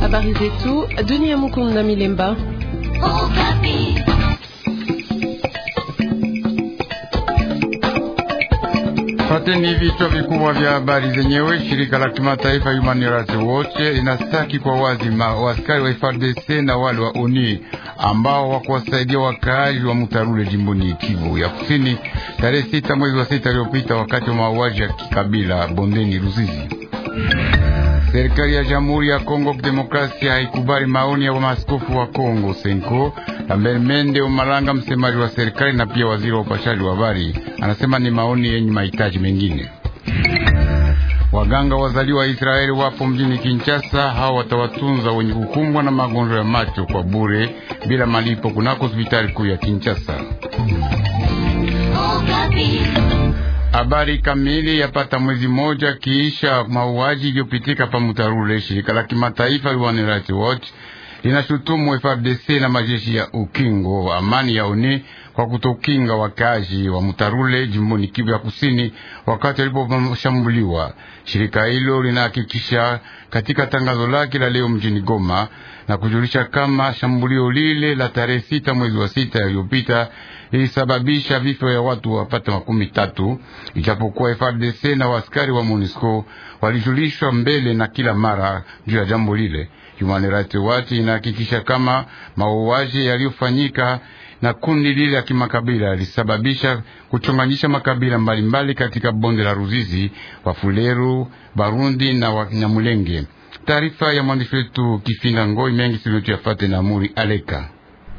Habari zetu Dunia Mukunda Milemba. fateni vichwa vikubwa vya habari zenyewe. Shirika la kimataifa Human Rights Watch linashtaki kwa wazi waaskari wa FARDC na wale wa ONU ambao wakuwasaidia wakaaji wa Mutarule jimboni Kivu ya Kusini tarehe sita mwezi wa sita iliyopita wakati wa mauaji ya kikabila bondeni Ruzizi. Serikali ya Jamhuri ya Kongo Kidemokrasia haikubali maoni ya maaskofu wa Kongo Senko. Lambert Mende Omalanga, msemaji wa serikali na pia waziri wa upashaji wa habari, anasema ni maoni yenye mahitaji mengine. Waganga wazaliwa wa Israeli wapo mjini Kinshasa. Hao watawatunza wenye kukumbwa na magonjwa ya macho kwa bure bila malipo kunako hospitali kuu ya Kinshasa. Oh, Habari kamili yapata mwezi moja kiisha mauaji iliyopitika pa Mutarule, shirika la kimataifa Human Rights Watch linashutumu FARDC na majeshi ya ukingo wa amani ya UNI kwa kutokinga wakazi wa Mutarule jimboni Kivu ya Kusini wakati waliposhambuliwa. Shirika hilo linahakikisha katika tangazo lake la leo mjini Goma na kujulisha kama shambulio lile la tarehe sita mwezi wa sita yaliyopita ilisababisha vifo ya watu wapata makumi tatu, ijapokuwa FRDC na waskari wa MONUSCO walijulishwa mbele na kila mara juu ya jambo lile. Human Rights Watch inahakikisha kama mauaji yaliyofanyika na kundi lile la kimakabila lisababisha kuchonganyisha makabila mbalimbali mbali katika bonde la Ruzizi, Wafuleru, Barundi na Wanyamulenge. Taarifa ya mwandishi wetu Kifinga Ngoi mengi sivyo yafate na Muri Aleka.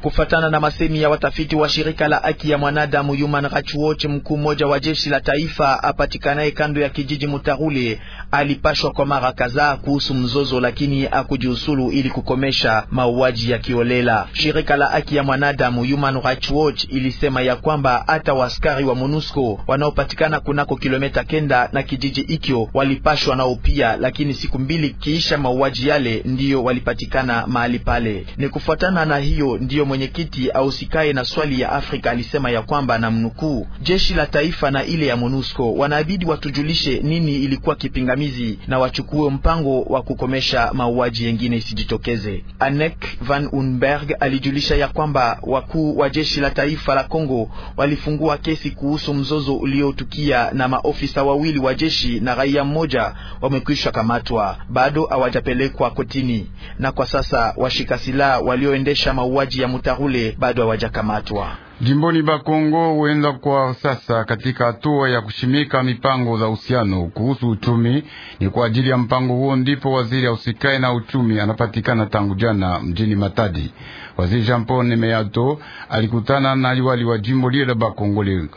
Kufatana na masemi ya watafiti wa shirika la haki ya mwanadamu Human Rights Watch, mkuu mmoja wa jeshi la taifa apatikanaye kando ya kijiji Mutarule alipashwa kwa mara kadhaa kuhusu mzozo, lakini akujiusulu ili kukomesha mauaji ya kiolela. Shirika la haki ya mwanadamu Human Rights Watch ilisema ya kwamba hata waskari wa MONUSCO wanaopatikana kunako kilometa kenda na kijiji ikyo walipashwa nao pia, lakini siku mbili kiisha mauaji yale ndiyo walipatikana mahali pale. Ni kufuatana na hiyo ndiyo mwenyekiti ausikae na swali ya Afrika alisema ya kwamba na mnukuu, jeshi la taifa na ile ya MONUSCO wanaabidi watujulishe nini ilikuwa kipingamizi na wachukue mpango wa kukomesha mauaji yengine isijitokeze. Anek Van Unberg alijulisha ya kwamba wakuu wa jeshi la taifa la Kongo walifungua kesi kuhusu mzozo uliotukia na maofisa wawili wa jeshi na raia mmoja wamekwisha kamatwa, bado hawajapelekwa kotini, na kwa sasa washika silaha walioendesha mauaji ya Mutarule bado hawajakamatwa jimboni Bakongo huenda kwa sasa katika hatua ya kushimika mipango za uhusiano kuhusu uchumi. Ni kwa ajili ya mpango huo ndipo waziri ausikae na uchumi anapatikana tangu jana mjini Matadi. Waziri Jean Paul Nemeyato alikutana na liwali wa jimbo lile la Bakongo lei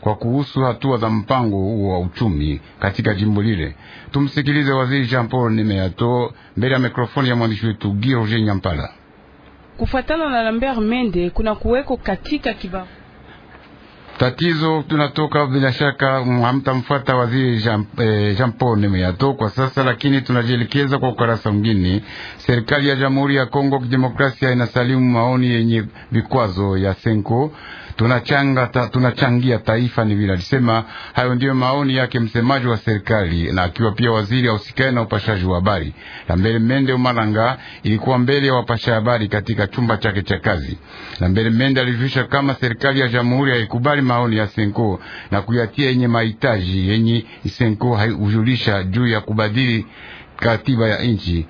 kwa kuhusu hatua za mpango huo wa uchumi katika jimbo lile. Tumsikilize waziri Jean Paul Nemeyato mbele ya mikrofoni ya mwandishi wetu Guy Nyampala. Kufatana na Lambert Mende, kuna kuweko katika kibao tatizo tunatoka bila shaka, hamtamfuata waziri Jean, eh, Jean Paul Nemeyato kwa sasa, lakini tunajielekeza kwa ukarasa mwingine. Serikali ya Jamhuri ya Kongo Kidemokrasia inasalimu maoni yenye vikwazo ya Senko tunachanga ta, tunachangia taifa ni vile alisema. Hayo ndiyo maoni yake msemaji wa serikali na akiwa pia waziri ausikane na upashaji wa habari mbele Mende Umalanga. Ilikuwa mbele ya wapasha habari katika chumba chake cha kazi. na mbele Mende alijulisha kama serikali ya jamhuri haikubali maoni ya Senko na kuyatia yenye mahitaji yenye Senko haijulisha juu ya kubadili katiba ya nchi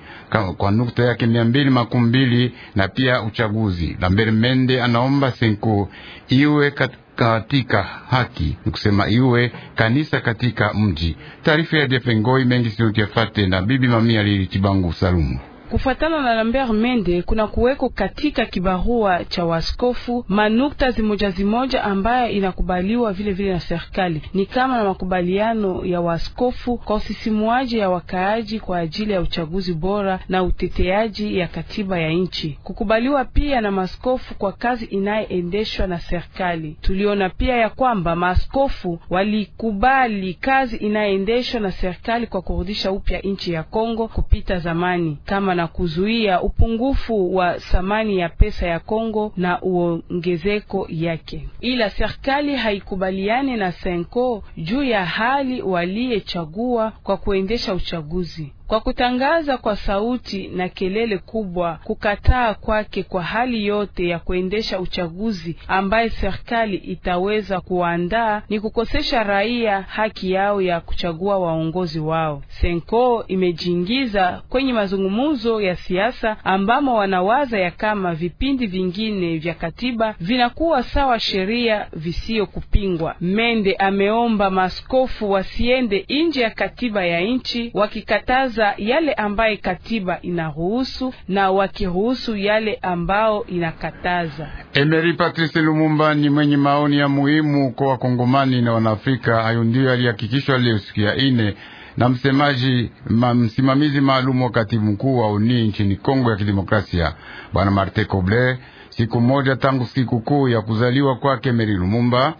kwa nukta yake mia mbili makumi mbili na pia uchaguzi. Lambert Mende anaomba senko iwe kat katika haki ni kusema iwe kanisa katika mji. Taarifa ya Jefengoi mengi siyotiafate na bibi mamia lili Chibangu Salumu. Kufuatana na Lambert Mende, kuna kuweko katika kibarua cha waskofu manukta zimoja zimoja ambayo inakubaliwa vile vile na serikali, ni kama na makubaliano ya waskofu kwa usisimuaji ya wakaaji kwa ajili ya uchaguzi bora na uteteaji ya katiba ya nchi, kukubaliwa pia na maskofu kwa kazi inayoendeshwa na serikali. Tuliona pia ya kwamba maskofu walikubali kazi inayoendeshwa na serikali kwa kurudisha upya nchi ya Kongo kupita zamani kama na na kuzuia upungufu wa thamani ya pesa ya Kongo na uongezeko yake, ila serikali haikubaliane na Senko juu ya hali waliyechagua kwa kuendesha uchaguzi kwa kutangaza kwa sauti na kelele kubwa kukataa kwake kwa hali yote ya kuendesha uchaguzi ambaye serikali itaweza kuandaa ni kukosesha raia haki yao ya kuchagua waongozi wao. Senko imejiingiza kwenye mazungumzo ya siasa ambamo wanawaza ya kama vipindi vingine vya katiba vinakuwa sawa sheria visiyokupingwa kupingwa. Mende ameomba maaskofu wasiende nje ya katiba ya nchi wakikataza kuchunguza yale ambaye katiba inaruhusu na wakiruhusu yale ambao inakataza. Emery Patrice Lumumba ni mwenye maoni ya muhimu kwa wakongomani na wanaafrika. Hayo ndiyo yalihakikishwa leo siku ya ine na msemaji ma, msimamizi maalum wa katibu mkuu wa UNI nchini Kongo ya Kidemokrasia bwana Marte coble siku moja tangu siku kuu ya kuzaliwa kwake Emery Lumumba.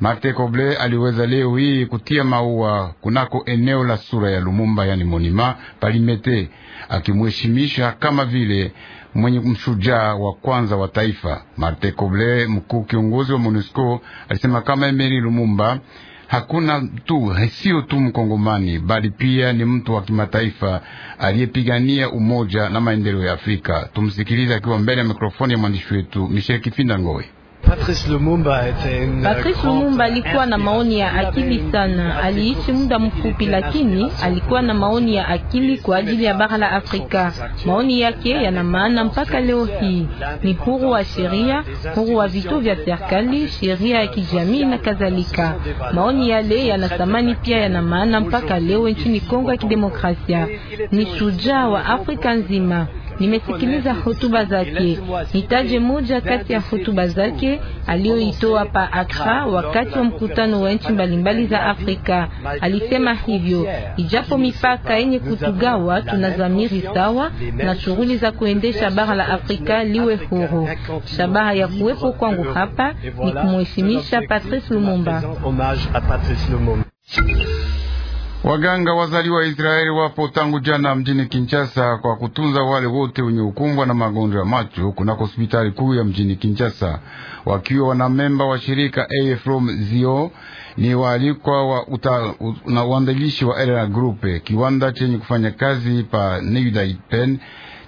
Martin Kobler aliweza leo hii kutia maua kunako eneo la sura ya Lumumba, yani monima Palimete, akimheshimisha kama vile mwenye mshujaa wa kwanza wa taifa. Martin Kobler, mkuu kiongozi wa MONUSCO, alisema kama Emery Lumumba hakuna tu sio tu Mkongomani bali pia ni mtu wa kimataifa aliyepigania umoja na maendeleo ya Afrika. Tumsikilize akiwa mbele ya mikrofoni ya mwandishi wetu Michel Kifinda Ngoi. Patrice Lumumba, Patrice Lumumba alikuwa na maoni ya akili sana. Aliishi muda mfupi, lakini alikuwa na maoni ya akili kwa ajili ya bara la Afrika. Maoni yake yana maana mpaka leo hii. Ni huru wa sheria, huru wa vitu vya serikali, sheria ya kijamii na kadhalika. Maoni yale yana thamani pia, yana maana mpaka leo nchini Kongo ya Kidemokrasia. Ni shujaa wa Afrika nzima. Nimesikiliza hotuba zake. Nitaje moja kati ya hotuba zake aliyoitoa pa Accra wakati wa mkutano wa nchi mbalimbali za Afrika. Alisema hivyo, ijapo mipaka yenye kutugawa, tunazamiri sawa na shughuli za kuendesha bara la Afrika liwe huru. Shabaha ya kuwepo kwangu hapa ni kumheshimisha Patrice Lumumba. Waganga wazali wa Israeli wapo tangu jana mjini Kinshasa kwa kutunza wale wote wenye ukumbwa na magonjwa ya macho kunako hospitali kuu ya mjini Kinshasa, wakiwa memba wa shirika AFROM zio ni waalikwa wa uta, u, na uandalishi wa Elena Group, kiwanda chenye kufanya kazi pa neuilly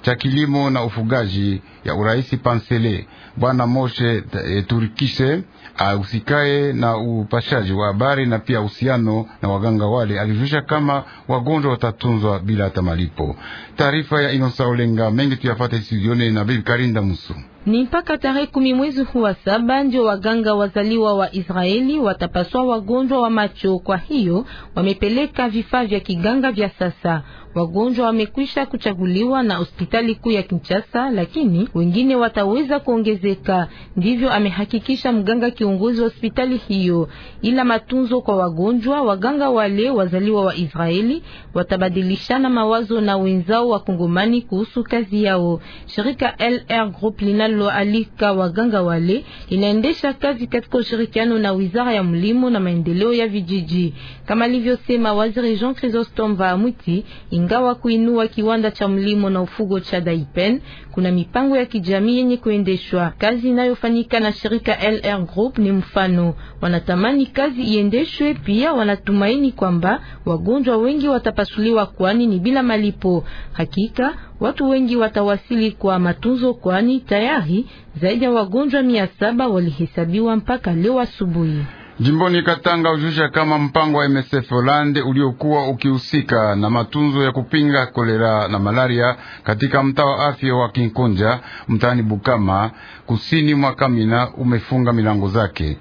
cha kilimo na ufugaji ya uraisi Pansele, Bwana Moshe e, eh, Turikise ahusikaye na upashaji wa habari na pia uhusiano na waganga wale, alijulisha kama wagonjwa watatunzwa bila hata malipo. Taarifa ya Inosa Olenga mengi tuyafate studioni na bibi Karinda Musu ni mpaka tarehe kumi mwezi huu wa saba ndio waganga wazaliwa wa Israeli watapaswa wagonjwa wa macho. Kwa hiyo wamepeleka vifaa vya kiganga vya sasa. Wagonjwa wamekwisha kuchaguliwa na hospitali kuu ya Kinshasa, lakini wengine wataweza kuongezeka, ndivyo amehakikisha mganga kiongozi wa hospitali hiyo. Ila matunzo kwa wagonjwa, waganga wale wazaliwa wa Israeli watabadilishana mawazo na wenzao wa Kongomani kuhusu kazi yao. Shirika LR Group linaloalika waganga wale linaendesha kazi katika ushirikiano na Wizara ya Mlimo na Maendeleo ya Vijiji, kama alivyosema Waziri Jean Chrysostome Vahamuti. Ingawa kuinua kiwanda cha mlimo na ufugo cha Daipen, kuna mipango ya kijamii yenye kuendeshwa. Kazi inayofanyika na shirika LR Group ni mfano. Wanatamani kazi iendeshwe pia, wanatumaini kwamba wagonjwa wengi watapasuliwa, kwani ni bila malipo. Hakika watu wengi watawasili kwa matunzo, kwani tayari zaidi ya wagonjwa mia saba walihesabiwa mpaka leo asubuhi. Jimboni Katanga ujusha kama mpango wa MSF Holande uliokuwa ukihusika na matunzo ya kupinga kolera na malaria katika mtaa wa afya wa Kinkonja mtaani Bukama kusini mwa Kamina umefunga milango zake.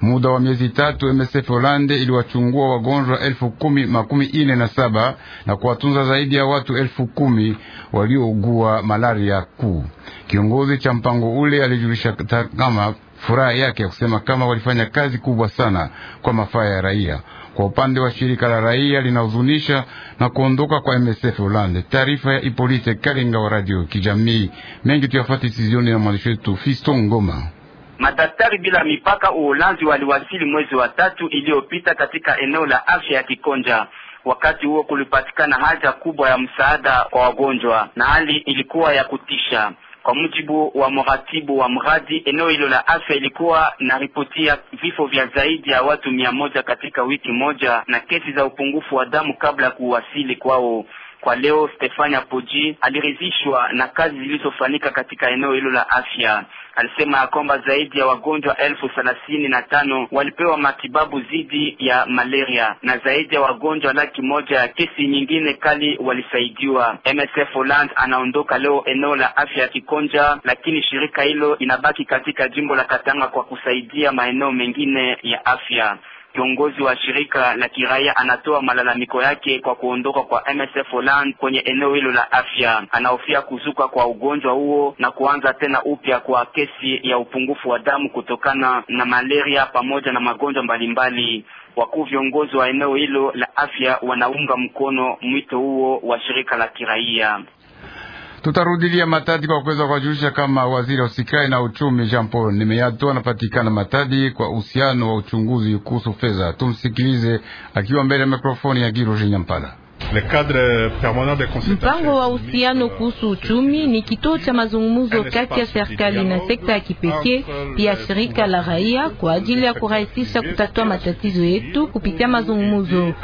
Muda wa miezi tatu MSF Holande iliwachungua wagonjwa elfu kumi makumi ine na saba na kuwatunza zaidi ya watu elfu kumi waliougua malaria kuu. Kiongozi cha mpango ule alijulisha kama furaha yake ya kusema kama walifanya kazi kubwa sana kwa mafaa ya raia. Kwa upande wa shirika la raia linahuzunisha na kuondoka kwa MSF Holande. Taarifa ya Ipolite Kalinga wa radio kijamii mengi tuyafati sizioni na mwandishi wetu Fiston Ngoma. Madaktari bila mipaka Uholanzi waliwasili mwezi wa tatu iliyopita katika eneo la afya ya Kikonja. Wakati huo kulipatikana haja kubwa ya msaada kwa wagonjwa na hali ilikuwa ya kutisha. Kwa mujibu wa mratibu wa mradi, eneo hilo la afya ilikuwa na ripoti ya vifo vya zaidi ya watu mia moja katika wiki moja na kesi za upungufu wa damu kabla ya kuwasili kwao. Kwa leo Stefania Poji aliridhishwa na kazi zilizofanyika katika eneo hilo la afya alisema ya kwamba zaidi ya wagonjwa elfu thelathini na tano walipewa matibabu dhidi ya malaria na zaidi ya wagonjwa laki moja ya kesi nyingine kali walisaidiwa. MSF Holland anaondoka leo eneo la afya ya Kikonja, lakini shirika hilo inabaki katika jimbo la Katanga kwa kusaidia maeneo mengine ya afya kiongozi wa shirika la kiraia anatoa malalamiko yake kwa kuondoka kwa MSF Holland kwenye eneo hilo la afya. Anahofia kuzuka kwa ugonjwa huo na kuanza tena upya kwa kesi ya upungufu wa damu kutokana na malaria pamoja na magonjwa mbalimbali. Wakuu viongozi wa eneo hilo la afya wanaunga mkono mwito huo wa shirika la kiraia. Tutarudilia Matadi kwa kuweza kuwajulisha kama waziri wa usikai na uchumi Jean Paul Nimeyato anapatikana Matadi kwa uhusiano wa uchunguzi kuhusu fedha. Tumsikilize akiwa mbele ya mikrofoni ya girojinyampala Nyampala. Mpango wa uhusiano kuhusu uchumi ni kituo cha mazungumzo kati ya serikali na sekta ya kipekee pia shirika la raia kwa ajili ya kurahisisha kutatua matatizo yetu kupitia mazungumzo.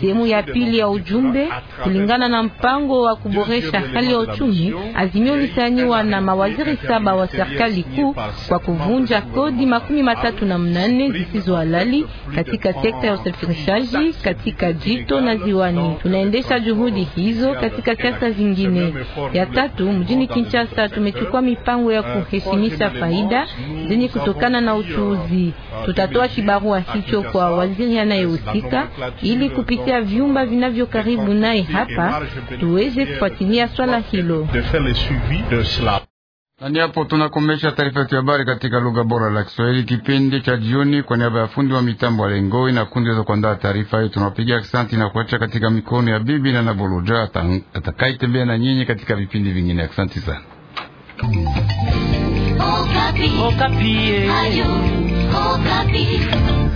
Sehemu ya pili ya ujumbe, kulingana na mpango wa kuboresha hali ya uchumi, azimio lisainiwa na mawaziri saba wa serikali kuu kwa kuvunja kodi makumi matatu na mnane zisizo halali katika sekta ya usafirishaji katika jito na ziwani Tunaende kuendesha juhudi hizo katika siasa zingine. Ya tatu, mjini Kinshasa tumechukua mipango ya kuheshimisha faida zenye kutokana na uchuuzi. Tutatoa kibarua hicho kwa waziri anayehusika ili kupitia vyumba vinavyo karibu naye hapa tuweze kufuatilia swala hilo. Nani hapo tunakomesha taarifa yetu ya habari katika lugha bora la Kiswahili kipindi cha jioni. Kwa niaba ya fundi wa mitambo lengoi na kundi za kuandaa taarifa hii, tunawapigia asante na kuacha katika mikono ya bibi na Naboloja atakayetembea na nyinyi katika vipindi vingine. Asante sana. Okapi. Okapi. Ayu, Okapi.